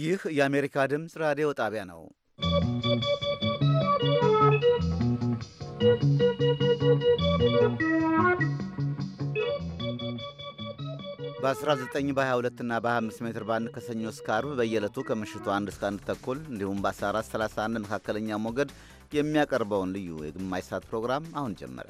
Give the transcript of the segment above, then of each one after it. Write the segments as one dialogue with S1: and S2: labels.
S1: ይህ የአሜሪካ ድምፅ ራዲዮ ጣቢያ ነው። በ19 በ22 እና በ25 ሜትር ባንድ ከሰኞ እስከ አርብ በየዕለቱ ከምሽቱ አንድ እስከ አንድ ተኩል እንዲሁም በ1431 መካከለኛ ሞገድ የሚያቀርበውን ልዩ የግማሽ ሰዓት ፕሮግራም አሁን ጀመረ።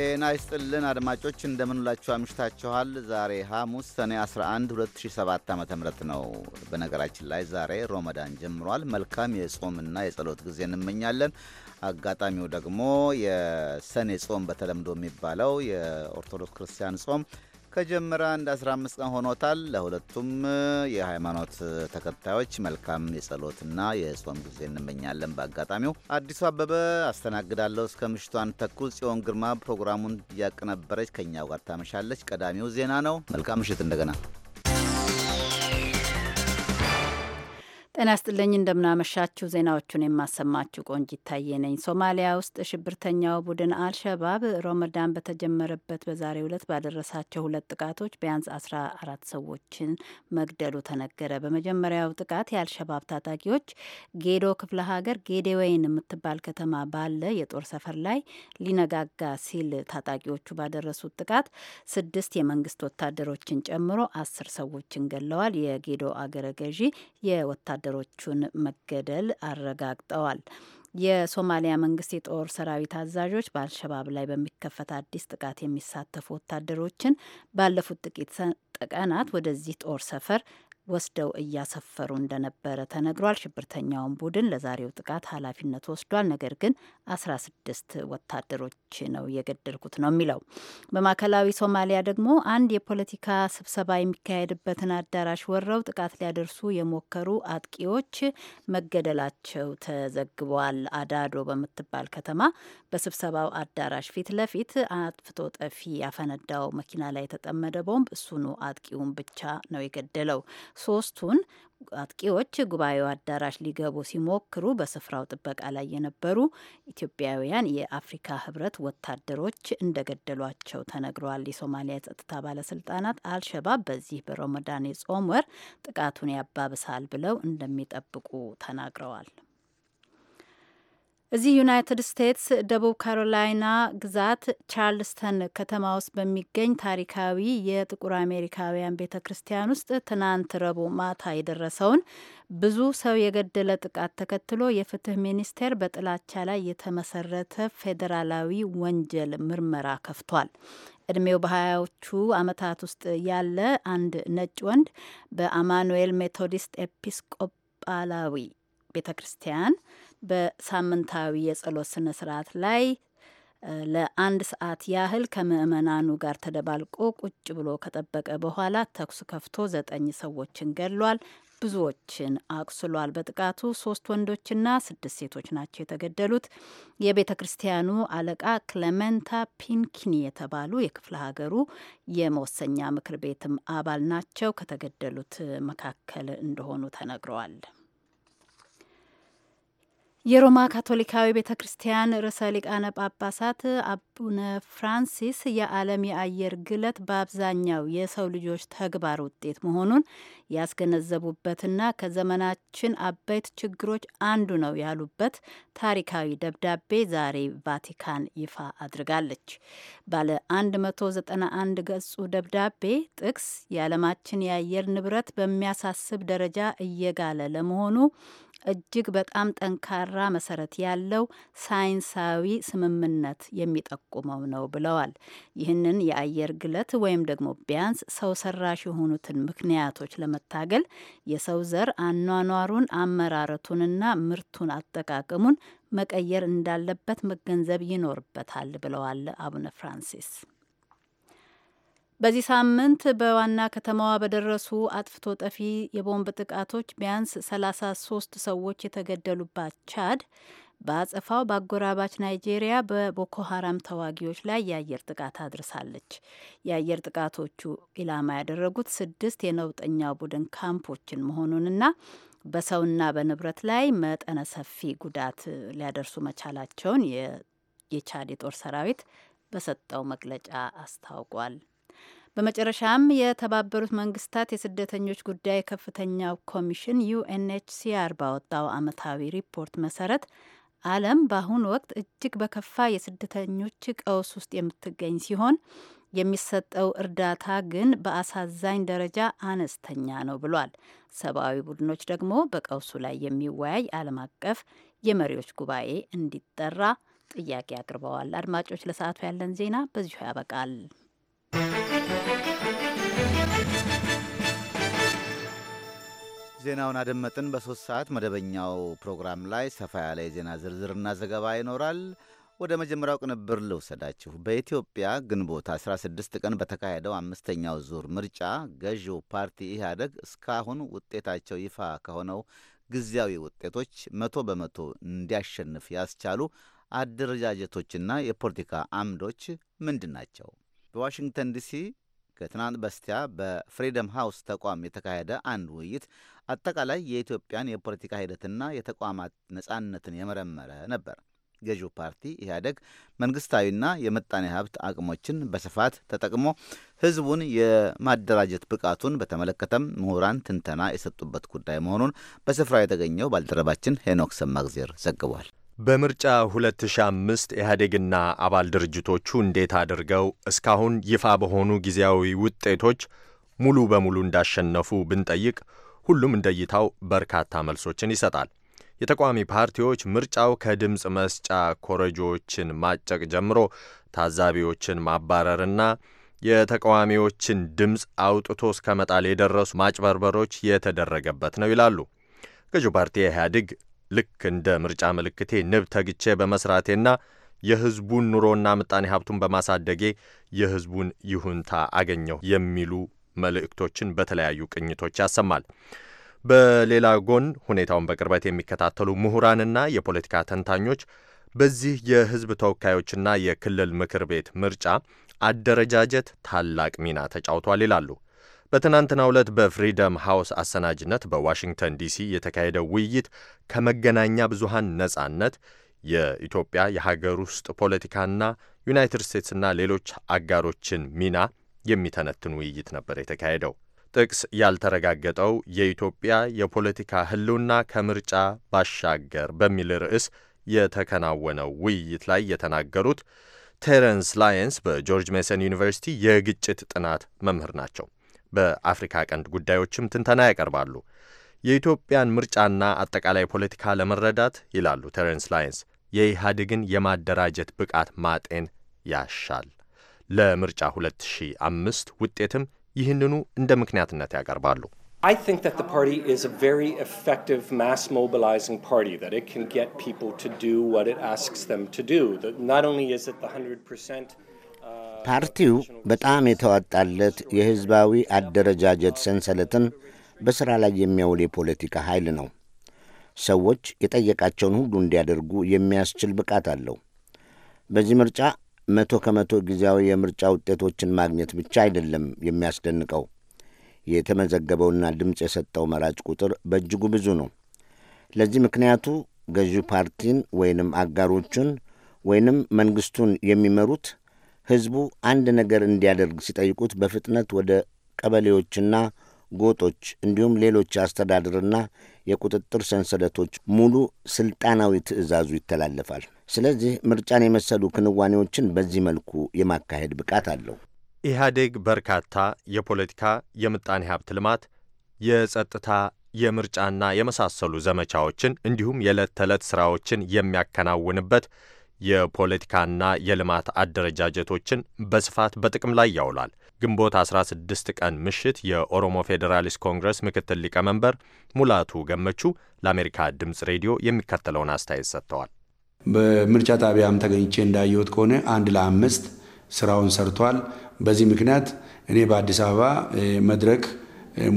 S1: ጤና ይስጥልን አድማጮች እንደምንላችሁ አምሽታችኋል። ዛሬ ሐሙስ ሰኔ 11 2007 ዓ ም ነው። በነገራችን ላይ ዛሬ ሮመዳን ጀምሯል። መልካም የጾምና የጸሎት ጊዜ እንመኛለን። አጋጣሚው ደግሞ የሰኔ ጾም በተለምዶ የሚባለው የኦርቶዶክስ ክርስቲያን ጾም ከጀመረ አንድ 15 ቀን ሆኖታል። ለሁለቱም የሃይማኖት ተከታዮች መልካም የጸሎትና የጾም ጊዜ እንመኛለን። በአጋጣሚው አዲሱ አበበ አስተናግዳለሁ እስከ ምሽቱ አንድ ተኩል። ጽዮን ግርማ ፕሮግራሙን እያቀነበረች ከእኛው ጋር ታመሻለች። ቀዳሚው ዜና ነው። መልካም ምሽት እንደገና
S2: ጤና ስጥልኝ፣ እንደምናመሻችሁ። ዜናዎቹን የማሰማችሁ ቆንጅ ይታየ ነኝ። ሶማሊያ ውስጥ ሽብርተኛው ቡድን አልሸባብ ሮመዳን በተጀመረበት በዛሬው ዕለት ባደረሳቸው ሁለት ጥቃቶች ቢያንስ አስራ አራት ሰዎችን መግደሉ ተነገረ። በመጀመሪያው ጥቃት የአልሸባብ ታጣቂዎች ጌዶ ክፍለ ሀገር ጌዴወይን የምትባል ከተማ ባለ የጦር ሰፈር ላይ ሊነጋጋ ሲል ታጣቂዎቹ ባደረሱት ጥቃት ስድስት የመንግስት ወታደሮችን ጨምሮ አስር ሰዎችን ገለዋል። የጌዶ አገረ ገዢ የወታደ ወታደሮቹን መገደል አረጋግጠዋል። የሶማሊያ መንግስት የጦር ሰራዊት አዛዦች በአልሸባብ ላይ በሚከፈት አዲስ ጥቃት የሚሳተፉ ወታደሮችን ባለፉት ጥቂት ቀናት ወደዚህ ጦር ሰፈር ወስደው እያሰፈሩ እንደነበረ ተነግሯል። ሽብርተኛውን ቡድን ለዛሬው ጥቃት ኃላፊነት ወስዷል። ነገር ግን አስራ ስድስት ወታደሮች ነው የገደልኩት ነው የሚለው። በማዕከላዊ ሶማሊያ ደግሞ አንድ የፖለቲካ ስብሰባ የሚካሄድበትን አዳራሽ ወረው ጥቃት ሊያደርሱ የሞከሩ አጥቂዎች መገደላቸው ተዘግቧል። አዳዶ በምትባል ከተማ በስብሰባው አዳራሽ ፊት ለፊት አጥፍቶ ጠፊ ያፈነዳው መኪና ላይ የተጠመደ ቦምብ እሱኑ አጥቂውን ብቻ ነው የገደለው። ሶስቱን አጥቂዎች ጉባኤው አዳራሽ ሊገቡ ሲሞክሩ በስፍራው ጥበቃ ላይ የነበሩ ኢትዮጵያውያን የአፍሪካ ህብረት ወታደሮች እንደገደሏቸው ተነግረዋል። የሶማሊያ የጸጥታ ባለስልጣናት አልሸባብ በዚህ በረመዳን የጾም ወር ጥቃቱን ያባብሳል ብለው እንደሚጠብቁ ተናግረዋል። እዚህ ዩናይትድ ስቴትስ ደቡብ ካሮላይና ግዛት ቻርልስተን ከተማ ውስጥ በሚገኝ ታሪካዊ የጥቁር አሜሪካውያን ቤተ ክርስቲያን ውስጥ ትናንት ረቡዕ ማታ የደረሰውን ብዙ ሰው የገደለ ጥቃት ተከትሎ የፍትህ ሚኒስቴር በጥላቻ ላይ የተመሰረተ ፌዴራላዊ ወንጀል ምርመራ ከፍቷል። እድሜው በሀያዎቹ ዓመታት ውስጥ ያለ አንድ ነጭ ወንድ በአማኑኤል ሜቶዲስት ኤፒስቆጳላዊ ቤተ ክርስቲያን በሳምንታዊ የጸሎት ስነ ስርዓት ላይ ለአንድ ሰዓት ያህል ከምዕመናኑ ጋር ተደባልቆ ቁጭ ብሎ ከጠበቀ በኋላ ተኩስ ከፍቶ ዘጠኝ ሰዎችን ገድሏል። ብዙዎችን አቁስሏል። በጥቃቱ ሶስት ወንዶችና ስድስት ሴቶች ናቸው የተገደሉት። የቤተ ክርስቲያኑ አለቃ ክለመንታ ፒንኪኒ የተባሉ የክፍለ ሀገሩ የመወሰኛ ምክር ቤትም አባል ናቸው። ከተገደሉት መካከል እንደሆኑ ተነግረዋል። የሮማ ካቶሊካዊ ቤተ ክርስቲያን ርዕሰ ሊቃነ ጳጳሳት አቡነ ፍራንሲስ የዓለም የአየር ግለት በአብዛኛው የሰው ልጆች ተግባር ውጤት መሆኑን ያስገነዘቡበትና ከዘመናችን አበይት ችግሮች አንዱ ነው ያሉበት ታሪካዊ ደብዳቤ ዛሬ ቫቲካን ይፋ አድርጋለች። ባለ 191 ገጹ ደብዳቤ ጥቅስ የዓለማችን የአየር ንብረት በሚያሳስብ ደረጃ እየጋለ ለመሆኑ እጅግ በጣም ጠንካራ መሰረት ያለው ሳይንሳዊ ስምምነት የሚጠቁመው ነው ብለዋል። ይህንን የአየር ግለት ወይም ደግሞ ቢያንስ ሰው ሰራሽ የሆኑትን ምክንያቶች ለመታገል የሰው ዘር አኗኗሩን፣ አመራረቱንና ምርቱን አጠቃቀሙን መቀየር እንዳለበት መገንዘብ ይኖርበታል ብለዋል አቡነ ፍራንሲስ። በዚህ ሳምንት በዋና ከተማዋ በደረሱ አጥፍቶ ጠፊ የቦምብ ጥቃቶች ቢያንስ 33 ሰዎች የተገደሉባት ቻድ በአጸፋው በአጎራባች ናይጄሪያ በቦኮ ሀራም ተዋጊዎች ላይ የአየር ጥቃት አድርሳለች። የአየር ጥቃቶቹ ኢላማ ያደረጉት ስድስት የነውጠኛው ቡድን ካምፖችን መሆኑንና በሰውና በንብረት ላይ መጠነ ሰፊ ጉዳት ሊያደርሱ መቻላቸውን የቻድ የጦር ሰራዊት በሰጠው መግለጫ አስታውቋል። በመጨረሻም የተባበሩት መንግስታት የስደተኞች ጉዳይ ከፍተኛው ኮሚሽን ዩኤንኤችሲአር ባወጣው አመታዊ ሪፖርት መሰረት ዓለም በአሁኑ ወቅት እጅግ በከፋ የስደተኞች ቀውስ ውስጥ የምትገኝ ሲሆን የሚሰጠው እርዳታ ግን በአሳዛኝ ደረጃ አነስተኛ ነው ብሏል። ሰብአዊ ቡድኖች ደግሞ በቀውሱ ላይ የሚወያይ ዓለም አቀፍ የመሪዎች ጉባኤ እንዲጠራ ጥያቄ አቅርበዋል። አድማጮች፣ ለሰዓቱ ያለን ዜና በዚሁ ያበቃል።
S1: ዜናውን አደመጥን። በሦስት ሰዓት መደበኛው ፕሮግራም ላይ ሰፋ ያለ የዜና ዝርዝርና ዘገባ ይኖራል። ወደ መጀመሪያው ቅንብር ልውሰዳችሁ። በኢትዮጵያ ግንቦት 16 ቀን በተካሄደው አምስተኛው ዙር ምርጫ ገዢው ፓርቲ ኢህአደግ እስካሁን ውጤታቸው ይፋ ከሆነው ጊዜያዊ ውጤቶች መቶ በመቶ እንዲያሸንፍ ያስቻሉ አደረጃጀቶችና የፖለቲካ አምዶች ምንድን ናቸው? በዋሽንግተን ዲሲ ከትናንት በስቲያ በፍሪደም ሃውስ ተቋም የተካሄደ አንድ ውይይት አጠቃላይ የኢትዮጵያን የፖለቲካ ሂደትና የተቋማት ነጻነትን የመረመረ ነበር። ገዢው ፓርቲ ኢህአደግ መንግስታዊና የምጣኔ ሀብት አቅሞችን በስፋት ተጠቅሞ ህዝቡን የማደራጀት ብቃቱን በተመለከተም ምሁራን ትንተና የሰጡበት ጉዳይ መሆኑን በስፍራው የተገኘው ባልደረባችን ሄኖክ ሰማግዜር ዘግቧል።
S3: በምርጫ 2005 ኢህአዴግና አባል ድርጅቶቹ እንዴት አድርገው እስካሁን ይፋ በሆኑ ጊዜያዊ ውጤቶች ሙሉ በሙሉ እንዳሸነፉ ብንጠይቅ ሁሉም እንደይታው በርካታ መልሶችን ይሰጣል። የተቃዋሚ ፓርቲዎች ምርጫው ከድምፅ መስጫ ኮረጆዎችን ማጨቅ ጀምሮ ታዛቢዎችን ማባረርና የተቃዋሚዎችን ድምፅ አውጥቶ እስከ መጣል የደረሱ ማጭበርበሮች የተደረገበት ነው ይላሉ። ገዢው ፓርቲ ኢህአዴግ ልክ እንደ ምርጫ ምልክቴ ንብ ተግቼ በመስራቴና የህዝቡን ኑሮና ምጣኔ ሀብቱን በማሳደጌ የህዝቡን ይሁንታ አገኘሁ የሚሉ መልእክቶችን በተለያዩ ቅኝቶች ያሰማል። በሌላ ጎን ሁኔታውን በቅርበት የሚከታተሉ ምሁራንና የፖለቲካ ተንታኞች በዚህ የህዝብ ተወካዮችና የክልል ምክር ቤት ምርጫ አደረጃጀት ታላቅ ሚና ተጫውቷል ይላሉ። በትናንትናው ዕለት በፍሪደም ሃውስ አሰናጅነት በዋሽንግተን ዲሲ የተካሄደው ውይይት ከመገናኛ ብዙሃን ነጻነት፣ የኢትዮጵያ የሀገር ውስጥ ፖለቲካና ዩናይትድ ስቴትስና ሌሎች አጋሮችን ሚና የሚተነትን ውይይት ነበር የተካሄደው። ጥቅስ ያልተረጋገጠው የኢትዮጵያ የፖለቲካ ህልውና ከምርጫ ባሻገር በሚል ርዕስ የተከናወነው ውይይት ላይ የተናገሩት ቴረንስ ላየንስ በጆርጅ ሜሰን ዩኒቨርሲቲ የግጭት ጥናት መምህር ናቸው። በአፍሪካ ቀንድ ጉዳዮችም ትንተና ያቀርባሉ። የኢትዮጵያን ምርጫና አጠቃላይ ፖለቲካ ለመረዳት ይላሉ ቴረንስ ላይንስ፣ የኢህአዴግን የማደራጀት ብቃት ማጤን ያሻል። ለምርጫ 2005 ውጤትም ይህንኑ እንደ ምክንያትነት ያቀርባሉ። I think that the party is a very effective mass mobilizing party, that it can get people to do what it asks them to do. That not only is it the 100%.
S4: ፓርቲው በጣም የተዋጣለት የሕዝባዊ አደረጃጀት ሰንሰለትን በሥራ ላይ የሚያውል የፖለቲካ ኃይል ነው። ሰዎች የጠየቃቸውን ሁሉ እንዲያደርጉ የሚያስችል ብቃት አለው። በዚህ ምርጫ መቶ ከመቶ ጊዜያዊ የምርጫ ውጤቶችን ማግኘት ብቻ አይደለም የሚያስደንቀው። የተመዘገበውና ድምፅ የሰጠው መራጭ ቁጥር በእጅጉ ብዙ ነው። ለዚህ ምክንያቱ ገዢው ፓርቲን ወይንም አጋሮቹን ወይንም መንግሥቱን የሚመሩት ሕዝቡ አንድ ነገር እንዲያደርግ ሲጠይቁት በፍጥነት ወደ ቀበሌዎችና ጎጦች እንዲሁም ሌሎች የአስተዳደርና የቁጥጥር ሰንሰለቶች ሙሉ ስልጣናዊ ትዕዛዙ ይተላለፋል። ስለዚህ ምርጫን የመሰሉ ክንዋኔዎችን በዚህ መልኩ የማካሄድ ብቃት አለው።
S3: ኢህአዴግ በርካታ የፖለቲካ የምጣኔ ሀብት ልማት፣ የጸጥታ፣ የምርጫና የመሳሰሉ ዘመቻዎችን እንዲሁም የዕለት ተዕለት ሥራዎችን የሚያከናውንበት የፖለቲካና የልማት አደረጃጀቶችን በስፋት በጥቅም ላይ ያውላል። ግንቦት 16 ቀን ምሽት የኦሮሞ ፌዴራሊስት ኮንግረስ ምክትል ሊቀመንበር ሙላቱ ገመቹ ለአሜሪካ ድምፅ ሬዲዮ የሚከተለውን አስተያየት ሰጥተዋል።
S5: በምርጫ ጣቢያም ተገኝቼ እንዳየሁት ከሆነ አንድ ለአምስት ስራውን ሰርቷል። በዚህ ምክንያት እኔ በአዲስ አበባ መድረክ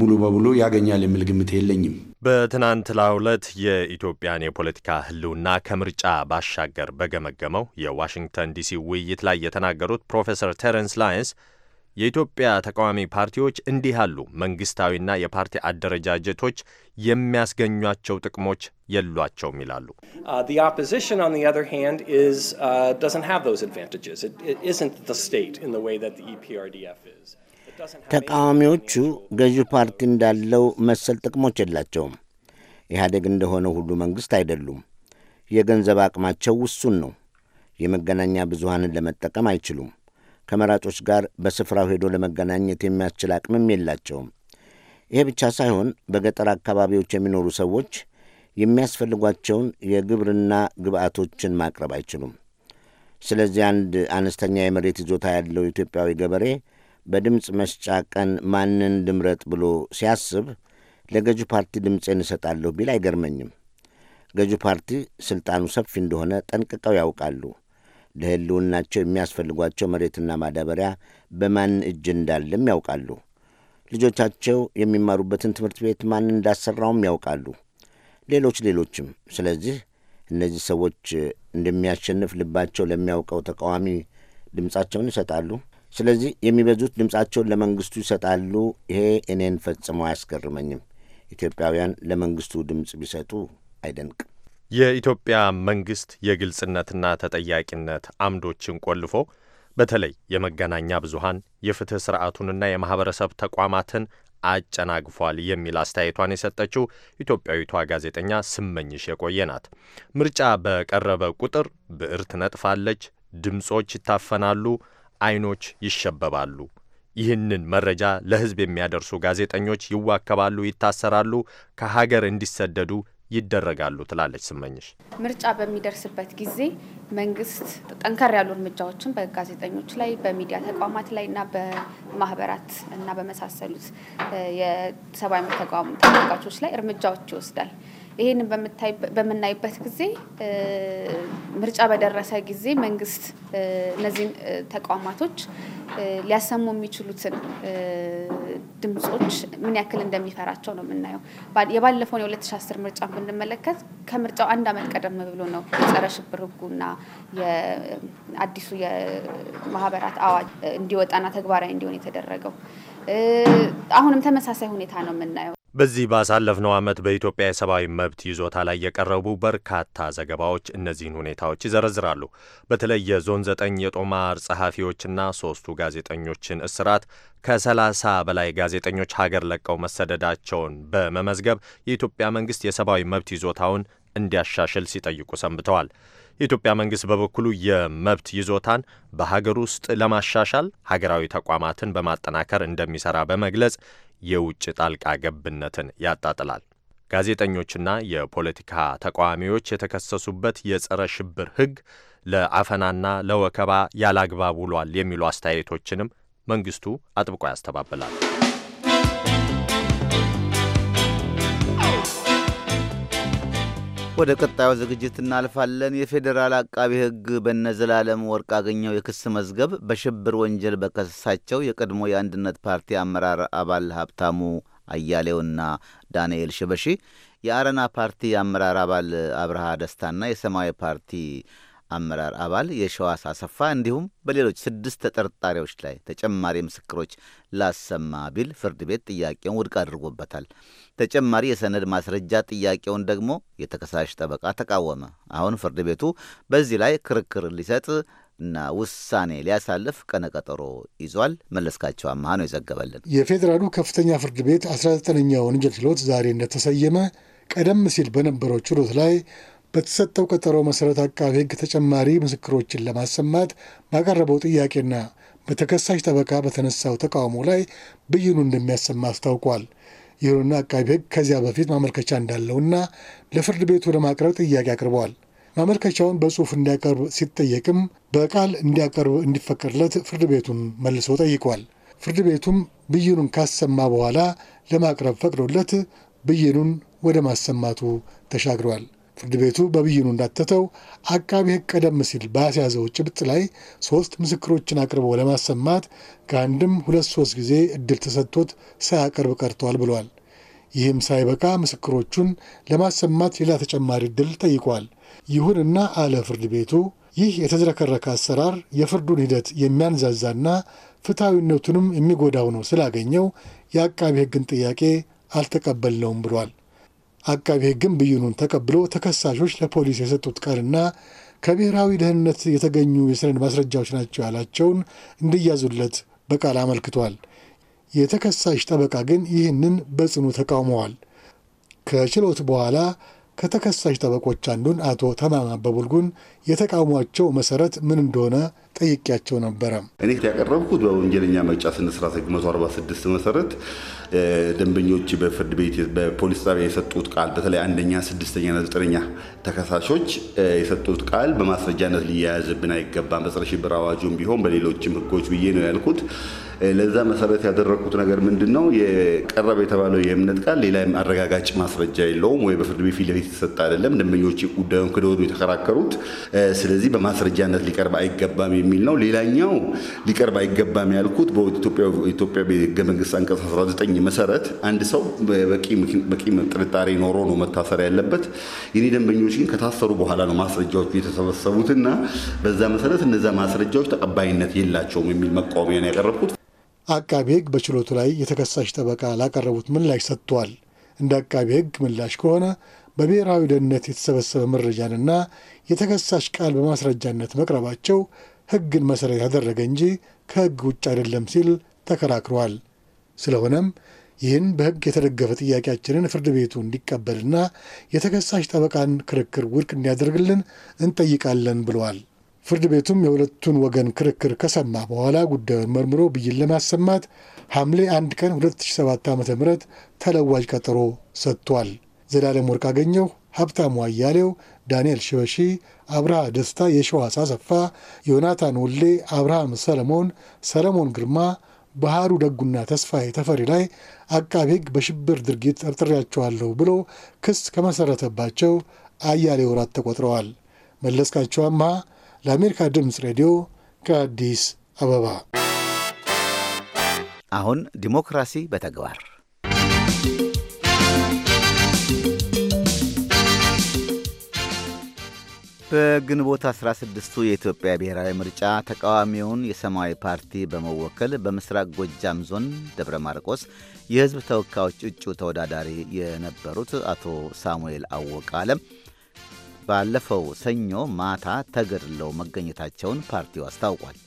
S5: ሙሉ በሙሉ
S3: ያገኛል የሚል ግምት የለኝም። በትናንትናው ዕለት የኢትዮጵያን የፖለቲካ ህልውና ከምርጫ ባሻገር በገመገመው የዋሽንግተን ዲሲ ውይይት ላይ የተናገሩት ፕሮፌሰር ቴረንስ ላየንስ የኢትዮጵያ ተቃዋሚ ፓርቲዎች እንዲህ አሉ። መንግስታዊና የፓርቲ አደረጃጀቶች የሚያስገኟቸው ጥቅሞች የሏቸውም ይላሉ።
S6: uh,
S4: ተቃዋሚዎቹ ገዢው ፓርቲ እንዳለው መሰል ጥቅሞች የላቸውም። ኢህአዴግ እንደሆነው ሁሉ መንግሥት አይደሉም። የገንዘብ አቅማቸው ውሱን ነው። የመገናኛ ብዙሃንን ለመጠቀም አይችሉም። ከመራጮች ጋር በስፍራው ሄዶ ለመገናኘት የሚያስችል አቅምም የላቸውም። ይሄ ብቻ ሳይሆን በገጠር አካባቢዎች የሚኖሩ ሰዎች የሚያስፈልጓቸውን የግብርና ግብዓቶችን ማቅረብ አይችሉም። ስለዚህ አንድ አነስተኛ የመሬት ይዞታ ያለው ኢትዮጵያዊ ገበሬ በድምፅ መስጫ ቀን ማንን ድምረጥ ብሎ ሲያስብ ለገዢ ፓርቲ ድምፄን እሰጣለሁ ቢል አይገርመኝም። ገዢ ፓርቲ ስልጣኑ ሰፊ እንደሆነ ጠንቅቀው ያውቃሉ። ለሕልውናቸው የሚያስፈልጓቸው መሬትና ማዳበሪያ በማን እጅ እንዳለም ያውቃሉ። ልጆቻቸው የሚማሩበትን ትምህርት ቤት ማን እንዳሰራውም ያውቃሉ። ሌሎች ሌሎችም። ስለዚህ እነዚህ ሰዎች እንደሚያሸንፍ ልባቸው ለሚያውቀው ተቃዋሚ ድምፃቸውን ይሰጣሉ። ስለዚህ የሚበዙት ድምፃቸውን ለመንግስቱ ይሰጣሉ። ይሄ እኔን ፈጽሞ አያስገርመኝም። ኢትዮጵያውያን ለመንግስቱ ድምፅ ቢሰጡ አይደንቅም።
S3: የኢትዮጵያ መንግስት የግልጽነትና ተጠያቂነት አምዶችን ቆልፎ በተለይ የመገናኛ ብዙሃን የፍትህ ስርዓቱንና የማህበረሰብ ተቋማትን አጨናግፏል የሚል አስተያየቷን የሰጠችው ኢትዮጵያዊቷ ጋዜጠኛ ስመኝሽ የቆየ ናት። ምርጫ በቀረበ ቁጥር ብዕር ትነጥፋለች፣ ድምጾች ይታፈናሉ አይኖች ይሸበባሉ። ይህንን መረጃ ለሕዝብ የሚያደርሱ ጋዜጠኞች ይዋከባሉ፣ ይታሰራሉ፣ ከሀገር እንዲሰደዱ ይደረጋሉ ትላለች ስመኝሽ።
S2: ምርጫ በሚደርስበት ጊዜ መንግስት ጠንከር ያሉ እርምጃዎችን በጋዜጠኞች ላይ በሚዲያ ተቋማት ላይ እና በማህበራት እና በመሳሰሉት የሰብአዊ መብት ተሟጋቾች ላይ እርምጃዎች ይወስዳል። ይህንን በምናይበት ጊዜ ምርጫ በደረሰ ጊዜ መንግስት እነዚህን ተቋማቶች ሊያሰሙ የሚችሉትን ድምጾች ምን ያክል እንደሚፈራቸው ነው የምናየው። የባለፈውን የ2010 ምርጫ ብንመለከት ከምርጫው አንድ አመት ቀደም ብሎ ነው የጸረ ሽብር ሕጉና የአዲሱ የማህበራት አዋጅ እንዲወጣና ተግባራዊ እንዲሆን የተደረገው። አሁንም ተመሳሳይ ሁኔታ ነው የምናየው።
S3: በዚህ ባሳለፍነው ዓመት በኢትዮጵያ የሰብአዊ መብት ይዞታ ላይ የቀረቡ በርካታ ዘገባዎች እነዚህን ሁኔታዎች ይዘረዝራሉ። በተለይ የዞን ዘጠኝ የጦማር ጸሐፊዎችና ሶስቱ ጋዜጠኞችን እስራት ከሰላሳ በላይ ጋዜጠኞች ሀገር ለቀው መሰደዳቸውን በመመዝገብ የኢትዮጵያ መንግስት የሰብአዊ መብት ይዞታውን እንዲያሻሽል ሲጠይቁ ሰንብተዋል። የኢትዮጵያ መንግስት በበኩሉ የመብት ይዞታን በሀገር ውስጥ ለማሻሻል ሀገራዊ ተቋማትን በማጠናከር እንደሚሰራ በመግለጽ የውጭ ጣልቃ ገብነትን ያጣጥላል። ጋዜጠኞችና የፖለቲካ ተቃዋሚዎች የተከሰሱበት የጸረ ሽብር ሕግ ለአፈናና ለወከባ ያላግባብ ውሏል የሚሉ አስተያየቶችንም መንግስቱ አጥብቆ ያስተባብላል።
S1: ወደ ቀጣዩ ዝግጅት እናልፋለን። የፌዴራል አቃቢ ሕግ በነ ዘላለም ወርቅ አገኘው የክስ መዝገብ በሽብር ወንጀል በከሳቸው የቀድሞ የአንድነት ፓርቲ አመራር አባል ሀብታሙ አያሌውና ዳንኤል ሽበሺ፣ የአረና ፓርቲ አመራር አባል አብርሃ ደስታና የሰማያዊ ፓርቲ አመራር አባል የሸዋስ አሰፋ እንዲሁም በሌሎች ስድስት ተጠርጣሪዎች ላይ ተጨማሪ ምስክሮች ላሰማ ቢል ፍርድ ቤት ጥያቄውን ውድቅ አድርጎበታል። ተጨማሪ የሰነድ ማስረጃ ጥያቄውን ደግሞ የተከሳሽ ጠበቃ ተቃወመ። አሁን ፍርድ ቤቱ በዚህ ላይ ክርክር ሊሰጥ እና ውሳኔ ሊያሳልፍ ቀነቀጠሮ ይዟል። መለስካቸው አመሃ ነው የዘገበልን።
S6: የፌዴራሉ ከፍተኛ ፍርድ ቤት 19ኛ ወንጀል ችሎት ዛሬ እንደተሰየመ ቀደም ሲል በነበረው ችሎት ላይ በተሰጠው ቀጠሮ መሠረት አቃቤ ሕግ ተጨማሪ ምስክሮችን ለማሰማት ባቀረበው ጥያቄና በተከሳሽ ጠበቃ በተነሳው ተቃውሞ ላይ ብይኑ እንደሚያሰማ አስታውቋል። ይሁንና አቃቤ ሕግ ከዚያ በፊት ማመልከቻ እንዳለውና ለፍርድ ቤቱ ለማቅረብ ጥያቄ አቅርበዋል። ማመልከቻውን በጽሑፍ እንዲያቀርብ ሲጠየቅም በቃል እንዲያቀርብ እንዲፈቀድለት ፍርድ ቤቱን መልሶ ጠይቋል። ፍርድ ቤቱም ብይኑን ካሰማ በኋላ ለማቅረብ ፈቅዶለት ብይኑን ወደ ማሰማቱ ተሻግሯል። ፍርድ ቤቱ በብይኑ እንዳተተው አቃቢ ሕግ ቀደም ሲል ባስያዘው ጭብጥ ላይ ሶስት ምስክሮችን አቅርቦ ለማሰማት ከአንድም ሁለት ሶስት ጊዜ እድል ተሰጥቶት ሳያቀርብ ቀርቷል ብሏል። ይህም ሳይበቃ ምስክሮቹን ለማሰማት ሌላ ተጨማሪ እድል ጠይቋል። ይሁንና አለ ፍርድ ቤቱ ይህ የተዝረከረከ አሰራር የፍርዱን ሂደት የሚያንዛዛና ፍትሐዊነቱንም የሚጎዳው ነው ስላገኘው የአቃቢ ሕግን ጥያቄ አልተቀበልነውም ብሏል። አቃቢ ሕግም ብይኑን ተቀብሎ ተከሳሾች ለፖሊስ የሰጡት ቃልና ከብሔራዊ ደህንነት የተገኙ የሰነድ ማስረጃዎች ናቸው ያላቸውን እንዲያዙለት በቃል አመልክቷል። የተከሳሽ ጠበቃ ግን ይህንን በጽኑ ተቃውመዋል። ከችሎት በኋላ ከተከሳሽ ጠበቆች አንዱን አቶ ተማማ በቡልጉን የተቃውሟቸው መሰረት ምን እንደሆነ ጠይቄያቸው ነበረ።
S5: እኔ ያቀረብኩት በወንጀለኛ መቅጫ ስነ ስርዓት 146 መሰረት ደንበኞች በፍርድ ቤት በፖሊስ ጣቢያ የሰጡት ቃል በተለይ አንደኛ፣ ስድስተኛና ዘጠነኛ ተከሳሾች የሰጡት ቃል በማስረጃነት ሊያያዝብን አይገባም። በጸረ ሽብር አዋጁም ቢሆን በሌሎችም ህጎች ብዬ ነው ያልኩት። ለዛ መሰረት ያደረግኩት ነገር ምንድን ነው? የቀረበ የተባለው የእምነት ቃል ሌላ አረጋጋጭ ማስረጃ የለውም ወይ በፍርድ ቤት ፊት ለፊት የተሰጠ አይደለም። ደንበኞች ጉዳዩን ክደወዱ የተከራከሩት ስለዚህ በማስረጃነት ሊቀርብ አይገባም የሚል ነው። ሌላኛው ሊቀርብ አይገባም ያልኩት በኢትዮጵያ ሕገ መንግስት አንቀጽ 19 መሰረት አንድ ሰው በቂ ጥርጣሬ ኖሮ ነው መታሰር ያለበት። የኔ ደንበኞች ግን ከታሰሩ በኋላ ነው ማስረጃዎቹ የተሰበሰቡትና በዛ መሰረት እነዛ ማስረጃዎች ተቀባይነት የላቸውም የሚል ነው ያቀረብኩት
S6: አቃቢ ሕግ በችሎቱ ላይ የተከሳሽ ጠበቃ ላቀረቡት ምላሽ ሰጥቷል። እንደ አቃቢ ሕግ ምላሽ ከሆነ በብሔራዊ ደህንነት የተሰበሰበ መረጃንና የተከሳሽ ቃል በማስረጃነት መቅረባቸው ሕግን መሠረት ያደረገ እንጂ ከሕግ ውጭ አይደለም ሲል ተከራክሯል። ስለሆነም ይህን በሕግ የተደገፈ ጥያቄያችንን ፍርድ ቤቱ እንዲቀበልና የተከሳሽ ጠበቃን ክርክር ውድቅ እንዲያደርግልን እንጠይቃለን ብለዋል። ፍርድ ቤቱም የሁለቱን ወገን ክርክር ከሰማ በኋላ ጉዳዩን መርምሮ ብይን ለማሰማት ሐምሌ 1 ቀን 2007 ዓ ም ተለዋጅ ቀጠሮ ሰጥቷል። ዘላለም ወርቅ አገኘሁ፣ ሀብታሙ አያሌው፣ ዳንኤል ሽበሺ፣ አብርሃ ደስታ፣ የሸዋስ አሰፋ፣ ዮናታን ወሌ፣ አብርሃም ሰለሞን፣ ሰለሞን ግርማ ባህሩ ደጉና ተስፋዬ ተፈሪ ላይ አቃቢ ሕግ በሽብር ድርጊት ጠርጥሬያቸዋለሁ ብሎ ክስ ከመሠረተባቸው አያሌ ወራት ተቆጥረዋል። መለስካቸው አምሃ ለአሜሪካ ድምፅ ሬዲዮ ከአዲስ አበባ።
S1: አሁን ዲሞክራሲ በተግባር በግንቦት 16ቱ የኢትዮጵያ ብሔራዊ ምርጫ ተቃዋሚውን የሰማያዊ ፓርቲ በመወከል በምስራቅ ጎጃም ዞን ደብረ ማርቆስ የሕዝብ ተወካዮች እጩ ተወዳዳሪ የነበሩት አቶ ሳሙኤል አወቀ አለም ባለፈው ሰኞ ማታ ተገድለው መገኘታቸውን ፓርቲው አስታውቋል።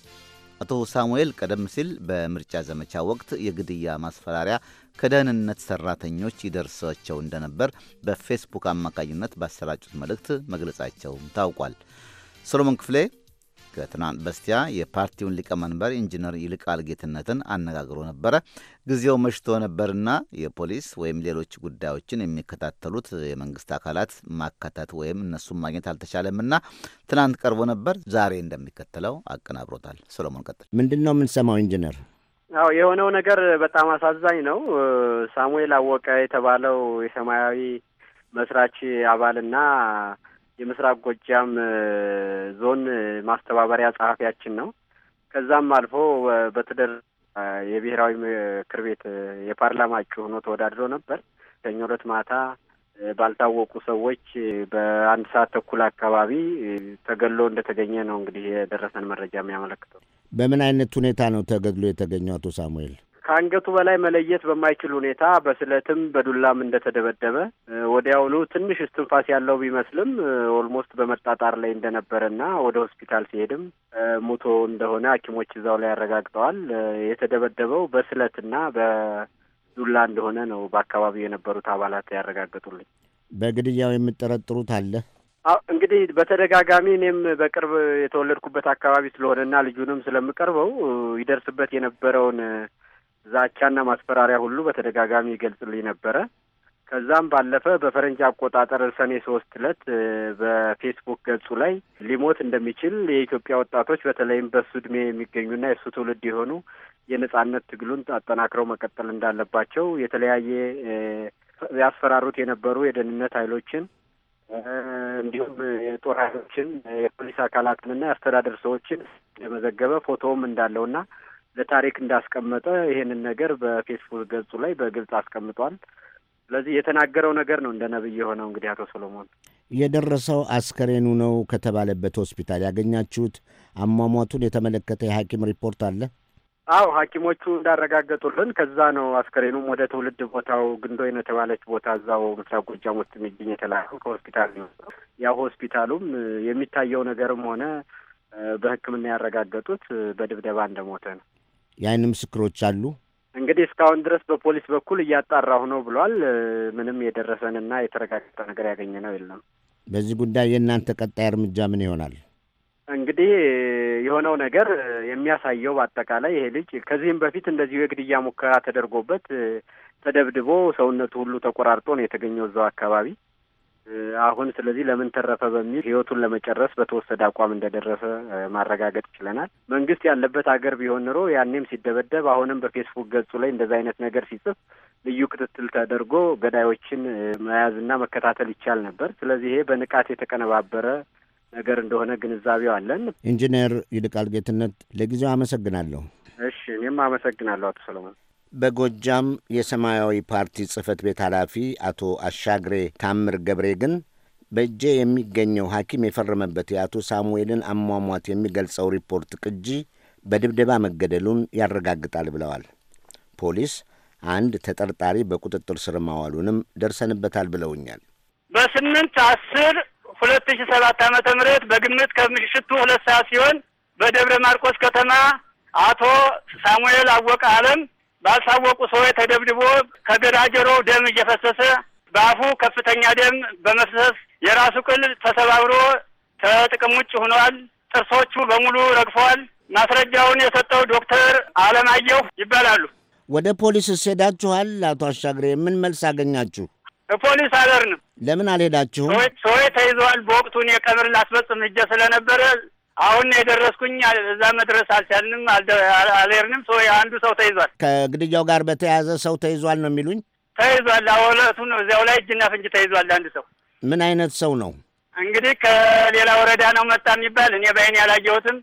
S1: አቶ ሳሙኤል ቀደም ሲል በምርጫ ዘመቻ ወቅት የግድያ ማስፈራሪያ ከደህንነት ሰራተኞች ይደርሳቸው እንደነበር በፌስቡክ አማካኝነት ባሰራጩት መልእክት መግለጻቸውም ታውቋል። ሰሎሞን ክፍሌ ከትናንት በስቲያ የፓርቲውን ሊቀመንበር ኢንጂነር ይልቃል ጌትነትን አነጋግሮ ነበረ። ጊዜው መሽቶ ነበርና የፖሊስ ወይም ሌሎች ጉዳዮችን የሚከታተሉት የመንግስት አካላት ማካተት ወይም እነሱን ማግኘት አልተቻለምና ትናንት ቀርቦ ነበር። ዛሬ እንደሚከተለው አቀናብሮታል። ሰሎሞን ቀጥል።
S4: ምንድን ነው የምንሰማው? ኢንጂነር
S7: አዎ የሆነው ነገር በጣም አሳዛኝ ነው። ሳሙኤል አወቀ የተባለው የሰማያዊ መስራች አባልና የምስራቅ ጎጃም ዞን ማስተባበሪያ ጸሐፊያችን ነው። ከዛም አልፎ በትደር የብሔራዊ ምክር ቤት የፓርላማ እጩ ሆኖ ተወዳድሮ ነበር። ሰኞ ዕለት ማታ ባልታወቁ ሰዎች በአንድ ሰዓት ተኩል አካባቢ ተገሎ እንደተገኘ ነው እንግዲህ የደረሰን መረጃ የሚያመለክተው።
S4: በምን አይነት ሁኔታ ነው ተገድሎ የተገኘው አቶ ሳሙኤል?
S7: ከአንገቱ በላይ መለየት በማይችል ሁኔታ በስለትም በዱላም እንደተደበደበ ወዲያውኑ ትንሽ እስትንፋስ ያለው ቢመስልም ኦልሞስት በመጣጣር ላይ እንደነበረና ወደ ሆስፒታል ሲሄድም ሙቶ እንደሆነ ሐኪሞች እዛው ላይ ያረጋግጠዋል። የተደበደበው በስለትና በዱላ እንደሆነ ነው በአካባቢው የነበሩት
S4: አባላት ያረጋግጡልኝ። በግድያው የምጠረጥሩት አለ?
S7: እንግዲህ በተደጋጋሚ እኔም በቅርብ የተወለድኩበት አካባቢ ስለሆነና ልጁንም ስለምቀርበው ይደርስበት የነበረውን ዛቻና ማስፈራሪያ ሁሉ በተደጋጋሚ ይገልጽልኝ ነበረ። ከዛም ባለፈ በፈረንጅ አቆጣጠር ሰኔ ሶስት እለት በፌስቡክ ገጹ ላይ ሊሞት እንደሚችል የኢትዮጵያ ወጣቶች በተለይም በሱ እድሜ የሚገኙና የእሱ ትውልድ የሆኑ የነጻነት ትግሉን አጠናክረው መቀጠል እንዳለባቸው የተለያየ ያስፈራሩት የነበሩ የደህንነት ኃይሎችን እንዲሁም የጦር ኃይሎችን የፖሊስ አካላትንና የአስተዳደር ሰዎችን የመዘገበ ፎቶውም እንዳለውና ለታሪክ እንዳስቀመጠ ይሄንን ነገር በፌስቡክ ገጹ ላይ በግልጽ አስቀምጧል። ስለዚህ የተናገረው ነገር ነው እንደ ነብይ የሆነው። እንግዲህ አቶ ሰሎሞን
S4: የደረሰው አስከሬኑ ነው ከተባለበት ሆስፒታል ያገኛችሁት አሟሟቱን የተመለከተ የሐኪም ሪፖርት አለ?
S7: አው ሐኪሞቹ እንዳረጋገጡልን ከዛ ነው። አስከሬኑም ወደ ትውልድ ቦታው ግንዶይ ነው የተባለች ቦታ እዛው ምስራቅ ጎጃም ውስጥ የሚገኝ የተላከው ከሆስፒታል ነው። ያው ሆስፒታሉም የሚታየው ነገርም ሆነ በሕክምና ያረጋገጡት በድብደባ እንደሞተ ነው።
S4: የአይን ምስክሮች አሉ?
S7: እንግዲህ እስካሁን ድረስ በፖሊስ በኩል እያጣራሁ ነው ብሏል። ምንም የደረሰንና የተረጋገጠ ነገር ያገኘ ነው የለም።
S4: በዚህ ጉዳይ የእናንተ ቀጣይ እርምጃ ምን ይሆናል?
S7: እንግዲህ የሆነው ነገር የሚያሳየው በአጠቃላይ ይሄ ልጅ ከዚህም በፊት እንደዚሁ የግድያ ሙከራ ተደርጎበት ተደብድቦ ሰውነቱ ሁሉ ተቆራርጦ ነው የተገኘው እዛው አካባቢ አሁን ስለዚህ ለምን ተረፈ በሚል ህይወቱን ለመጨረስ በተወሰደ አቋም እንደደረሰ ማረጋገጥ ችለናል። መንግስት ያለበት አገር ቢሆን ኑሮ ያኔም ሲደበደብ፣ አሁንም በፌስቡክ ገጹ ላይ እንደዚ አይነት ነገር ሲጽፍ ልዩ ክትትል ተደርጎ ገዳዮችን መያዝና መከታተል ይቻል ነበር። ስለዚህ ይሄ በንቃት የተቀነባበረ ነገር እንደሆነ ግንዛቤው አለን።
S4: ኢንጂነር ይልቃል ጌትነት ለጊዜው አመሰግናለሁ።
S7: እሺ፣ እኔም አመሰግናለሁ አቶ ሰለሞን።
S4: በጎጃም የሰማያዊ ፓርቲ ጽህፈት ቤት ኃላፊ አቶ አሻግሬ ታምር ገብሬ ግን በእጄ የሚገኘው ሐኪም የፈረመበት የአቶ ሳሙኤልን አሟሟት የሚገልጸው ሪፖርት ቅጂ በድብደባ መገደሉን ያረጋግጣል ብለዋል። ፖሊስ አንድ ተጠርጣሪ በቁጥጥር ስር ማዋሉንም ደርሰንበታል ብለውኛል።
S5: በስምንት አስር ሁለት ሺ ሰባት ዓመተ ምህረት በግምት ከምሽቱ ሁለት ሰዓት ሲሆን በደብረ ማርቆስ ከተማ አቶ ሳሙኤል አወቀ አለም ባልታወቁ ሰዎች ተደብድቦ ከግራ ጆሮው ደም እየፈሰሰ በአፉ ከፍተኛ ደም በመፍሰስ የራሱ ቅል ተሰባብሮ ከጥቅም ውጭ ሆኗል። ጥርሶቹ በሙሉ ረግፈዋል። ማስረጃውን የሰጠው ዶክተር አለማየሁ ይባላሉ።
S4: ወደ ፖሊስ ሄዳችኋል? አቶ አሻግሬ ምን መልስ አገኛችሁ?
S5: ፖሊስ ነው?
S4: ለምን አልሄዳችሁም?
S5: ሰዎች ተይዘዋል። በወቅቱን የቀብር ላስፈጽም ሂጄ ስለነበረ አሁን የደረስኩኝ እዛ መድረስ አልቻልንም፣ አልሄድንም። ሰው አንዱ ሰው ተይዟል።
S4: ከግድያው ጋር በተያያዘ ሰው ተይዟል ነው የሚሉኝ?
S5: ተይዟል። አወለቱ ነው እዚያው ላይ እጅና ፍንጅ ተይዟል። አንድ ሰው
S4: ምን አይነት ሰው ነው
S5: እንግዲህ? ከሌላ ወረዳ ነው መጣ የሚባል እኔ በአይኔ ያላየሁትም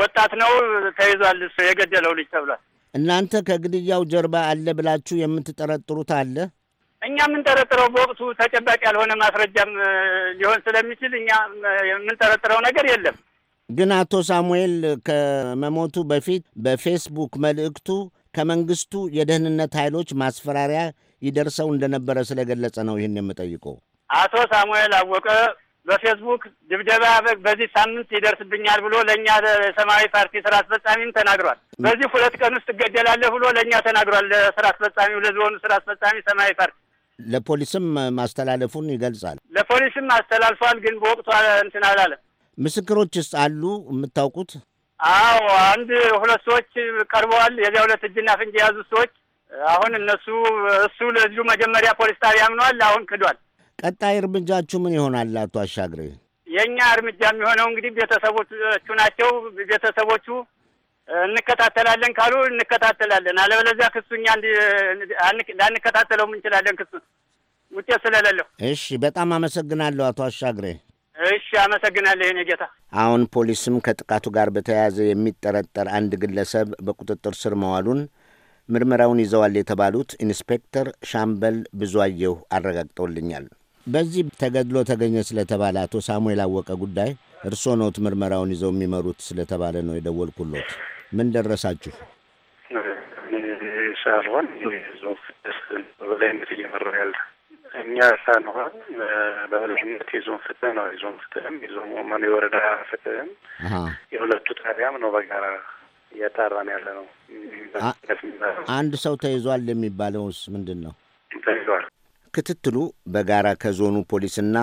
S5: ወጣት ነው ተይዟል። እሱ የገደለው ልጅ ተብሏል።
S4: እናንተ ከግድያው ጀርባ አለ ብላችሁ የምትጠረጥሩት አለ?
S5: እኛ የምንጠረጥረው በወቅቱ ተጨባጭ ያልሆነ ማስረጃም ሊሆን ስለሚችል እኛ የምንጠረጥረው ነገር የለም።
S4: ግን አቶ ሳሙኤል ከመሞቱ በፊት በፌስቡክ መልእክቱ ከመንግስቱ የደህንነት ኃይሎች ማስፈራሪያ ይደርሰው እንደነበረ ስለገለጸ ነው ይህን የምጠይቀው።
S5: አቶ ሳሙኤል አወቀ በፌስቡክ ድብደባ በዚህ ሳምንት ይደርስብኛል ብሎ ለእኛ ሰማያዊ ፓርቲ ስራ አስፈጻሚም ተናግሯል። በዚህ ሁለት ቀን ውስጥ እገደላለሁ ብሎ ለእኛ ተናግሯል። ለስራ አስፈጻሚው ለዞኑ ስራ አስፈጻሚ ሰማያዊ ፓርቲ
S4: ለፖሊስም ማስተላለፉን ይገልጻል።
S5: ለፖሊስም አስተላልፏል። ግን በወቅቱ እንትን አላለም።
S4: ምስክሮችስ አሉ የምታውቁት?
S5: አዎ አንድ ሁለት ሰዎች ቀርበዋል። የዚያ ሁለት እጅና ፍንጅ የያዙ ሰዎች አሁን እነሱ እሱ ለዚሁ መጀመሪያ ፖሊስ ጣቢያ አምኗል፣ አሁን ክዷል።
S4: ቀጣይ እርምጃችሁ ምን ይሆናል አቶ አሻግሬ?
S5: የእኛ እርምጃ የሚሆነው እንግዲህ ቤተሰቦቹ ናቸው። ቤተሰቦቹ እንከታተላለን ካሉ እንከታተላለን፣ አለበለዚያ ክሱኛ ላንከታተለውም እንችላለን ክሱ ውጤት ስለሌለው።
S4: እሺ፣ በጣም አመሰግናለሁ አቶ አሻግሬ።
S5: እሺ፣ አመሰግናለሁ የኔ ጌታ።
S4: አሁን ፖሊስም ከጥቃቱ ጋር በተያያዘ የሚጠረጠር አንድ ግለሰብ በቁጥጥር ስር መዋሉን ምርመራውን ይዘዋል የተባሉት ኢንስፔክተር ሻምበል ብዙአየሁ አረጋግጠውልኛል። በዚህ ተገድሎ ተገኘ ስለተባለ አቶ ሳሙኤል አወቀ ጉዳይ እርስዎ ኖት ምርመራውን ይዘው የሚመሩት ስለተባለ ነው የደወልኩሎት። ምን ደረሳችሁ?
S7: ሳልሆን በላይነት እየመራ ያለ እኛ ሳንሆን በበላሽነት የዞን ፍትህ ነው። የዞን ፍትህም የዞን ማን የወረዳ ፍትህም የሁለቱ ጣቢያም ነው በጋራ እያጣራን ያለ ነው።
S4: አንድ ሰው ተይዟል የሚባለውስ ምንድን ነው? ተይዟል ክትትሉ በጋራ ከዞኑ ፖሊስና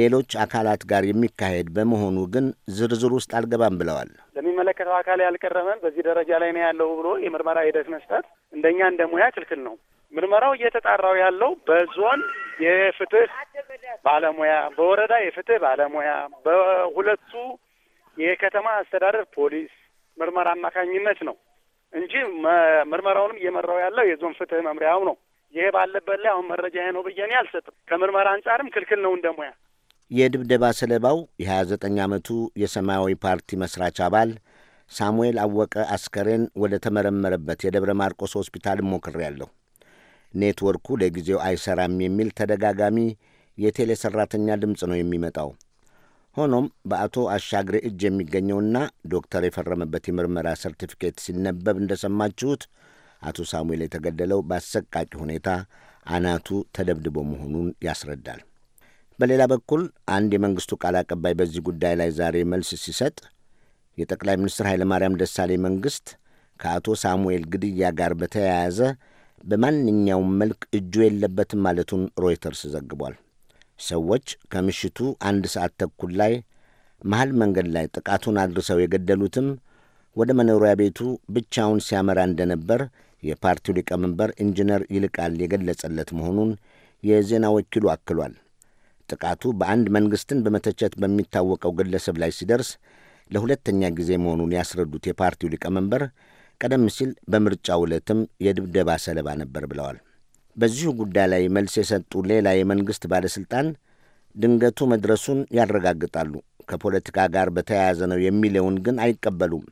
S4: ሌሎች አካላት ጋር የሚካሄድ በመሆኑ ግን ዝርዝር ውስጥ አልገባም ብለዋል።
S5: ለሚመለከተው አካል ያልቀረበን በዚህ ደረጃ ላይ ነው ያለው ብሎ የምርመራ ሂደት መስጠት እንደኛ እንደ ሙያ ክልክል ነው። ምርመራው እየተጣራው ያለው በዞን የፍትህ ባለሙያ፣ በወረዳ የፍትህ ባለሙያ፣ በሁለቱ የከተማ አስተዳደር ፖሊስ ምርመራ አማካኝነት ነው እንጂ ምርመራውንም እየመራው ያለው የዞን ፍትህ መምሪያው ነው። ይሄ ባለበት ላይ አሁን መረጃ ነው ብዬ እኔ አልሰጥም። ከምርመራ አንጻርም ክልክል ነው እንደሙያ።
S4: የድብደባ ሰለባው የ29 ዓመቱ የሰማያዊ ፓርቲ መስራች አባል ሳሙኤል አወቀ አስከሬን ወደ ተመረመረበት የደብረ ማርቆስ ሆስፒታል ሞክሬ ያለሁ ኔትወርኩ ለጊዜው አይሰራም የሚል ተደጋጋሚ የቴሌ ሠራተኛ ድምፅ ነው የሚመጣው። ሆኖም በአቶ አሻግሬ እጅ የሚገኘውና ዶክተር የፈረመበት የምርመራ ሰርቲፊኬት ሲነበብ እንደሰማችሁት አቶ ሳሙኤል የተገደለው በአሰቃቂ ሁኔታ አናቱ ተደብድቦ መሆኑን ያስረዳል። በሌላ በኩል አንድ የመንግሥቱ ቃል አቀባይ በዚህ ጉዳይ ላይ ዛሬ መልስ ሲሰጥ የጠቅላይ ሚኒስትር ኃይለማርያም ደሳሌ መንግሥት ከአቶ ሳሙኤል ግድያ ጋር በተያያዘ በማንኛውም መልክ እጁ የለበትም ማለቱን ሮይተርስ ዘግቧል። ሰዎች ከምሽቱ አንድ ሰዓት ተኩል ላይ መሃል መንገድ ላይ ጥቃቱን አድርሰው የገደሉትም ወደ መኖሪያ ቤቱ ብቻውን ሲያመራ እንደነበር የፓርቲው ሊቀመንበር ኢንጂነር ይልቃል የገለጸለት መሆኑን የዜና ወኪሉ አክሏል። ጥቃቱ በአንድ መንግሥትን በመተቸት በሚታወቀው ግለሰብ ላይ ሲደርስ ለሁለተኛ ጊዜ መሆኑን ያስረዱት የፓርቲው ሊቀመንበር ቀደም ሲል በምርጫው ዕለትም የድብደባ ሰለባ ነበር ብለዋል። በዚሁ ጉዳይ ላይ መልስ የሰጡ ሌላ የመንግሥት ባለሥልጣን ድንገቱ መድረሱን ያረጋግጣሉ፣ ከፖለቲካ ጋር በተያያዘ ነው የሚለውን ግን አይቀበሉም።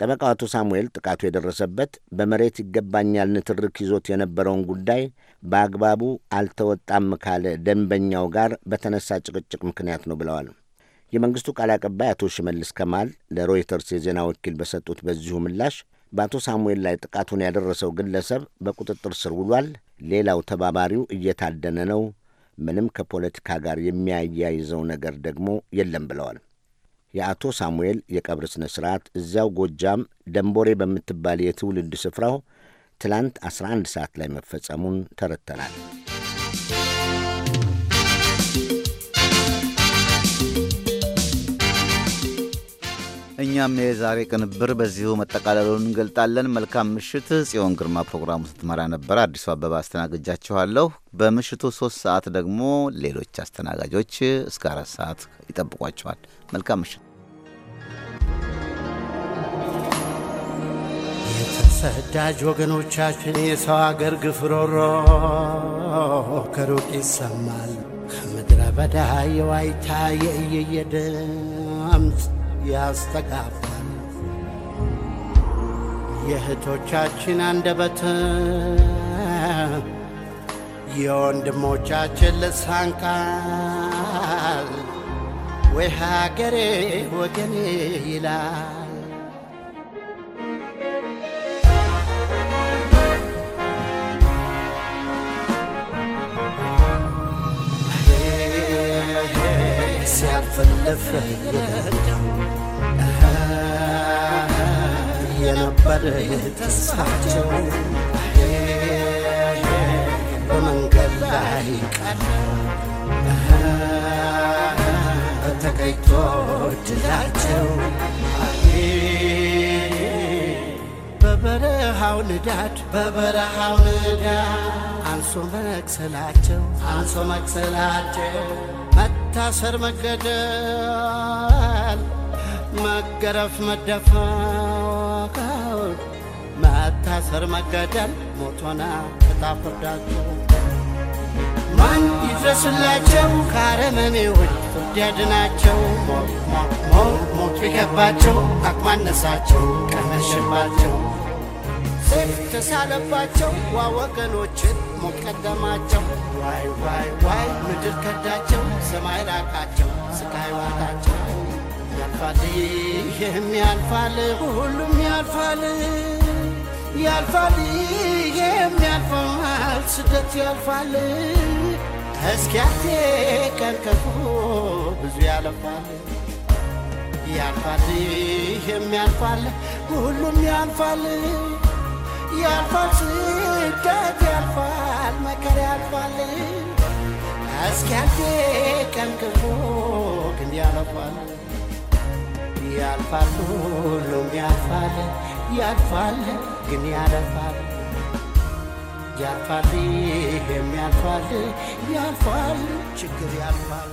S4: ጠበቃው አቶ ሳሙኤል ጥቃቱ የደረሰበት በመሬት ይገባኛል ንትርክ ይዞት የነበረውን ጉዳይ በአግባቡ አልተወጣም ካለ ደንበኛው ጋር በተነሳ ጭቅጭቅ ምክንያት ነው ብለዋል። የመንግሥቱ ቃል አቀባይ አቶ ሽመልስ ከማል ለሮይተርስ የዜና ወኪል በሰጡት በዚሁ ምላሽ በአቶ ሳሙኤል ላይ ጥቃቱን ያደረሰው ግለሰብ በቁጥጥር ስር ውሏል። ሌላው ተባባሪው እየታደነ ነው። ምንም ከፖለቲካ ጋር የሚያያይዘው ነገር ደግሞ የለም ብለዋል። የአቶ ሳሙኤል የቀብር ሥነ ሥርዓት እዚያው ጎጃም ደንቦሬ በምትባል የትውልድ ስፍራው ትላንት 11 ሰዓት ላይ መፈጸሙን ተረድተናል።
S1: እኛም የዛሬ ቅንብር በዚሁ መጠቃለሉን እንገልጣለን። መልካም ምሽት። ጽዮን ግርማ ፕሮግራሙ ስትመራ ነበር። አዲሱ አበባ አስተናግጃችኋለሁ። በምሽቱ ሶስት ሰዓት ደግሞ ሌሎች አስተናጋጆች እስከ አራት ሰዓት ይጠብቋቸዋል። መልካም ምሽት።
S8: የተሰዳጅ ወገኖቻችን የሰው አገር ግፍሮሮ ከሩቅ ይሰማል ከምድረ በዳ የዋይታ የእየየ ድምፅ ያስተጋባል። የእህቶቻችን አንደበት የወንድሞቻችን ልሳን ቃል ወይ ሀገሬ ወገኔ ይላል። ፍልፍ የነበር ተስፋቸው በመንገድ ላይ ቀረ ተገኝቶ ድላቸው በበረሃው ንዳድ በበረሃው ንዳድ አንሶ መክሰላቸው አንሶ መክሰላቸው መታሰር፣ መገደል፣ መገረፍ፣ መደፈር መታሰር፣ መገደል ሞቶና ተጣፍርዳቸው ማን ይድረስላቸው ካረመኔዎች ፍርድ ናቸው። ሞት ቢገባቸው አቅማነሳቸው ቀመሽባቸው ሴት ተሳለባቸው ዋወገኖችን ሞት ቀደማቸው። ዋይ ዋይ ዋይ ምድር ከዳቸው፣ ሰማይ ላቃቸው፣ ስቃይ ዋጣቸው። ያልፋል ይህም ያልፋል፣ ሁሉም ያልፋል፣ ያልፋል ይህም ያልፋል፣ ስደት ያልፋል። እስኪያቴ ቀን ከፉ ብዙ ያለፋል ያልፋል ይህም ያልፋል ሁሉም ያልፋል ያልፋል ጭንቀት ያልፋል፣ መከራ ያልፋል። እስኪያልፍ ቀን ክፉ ግን ያለፋል፣ ያልፋል፣ ሁሉም ያልፋል፣ ያልፋል ግን ያለፋል፣ ያልፋል፣ ይሄም ያልፋል፣ ያልፋል ችግር ያልፋል።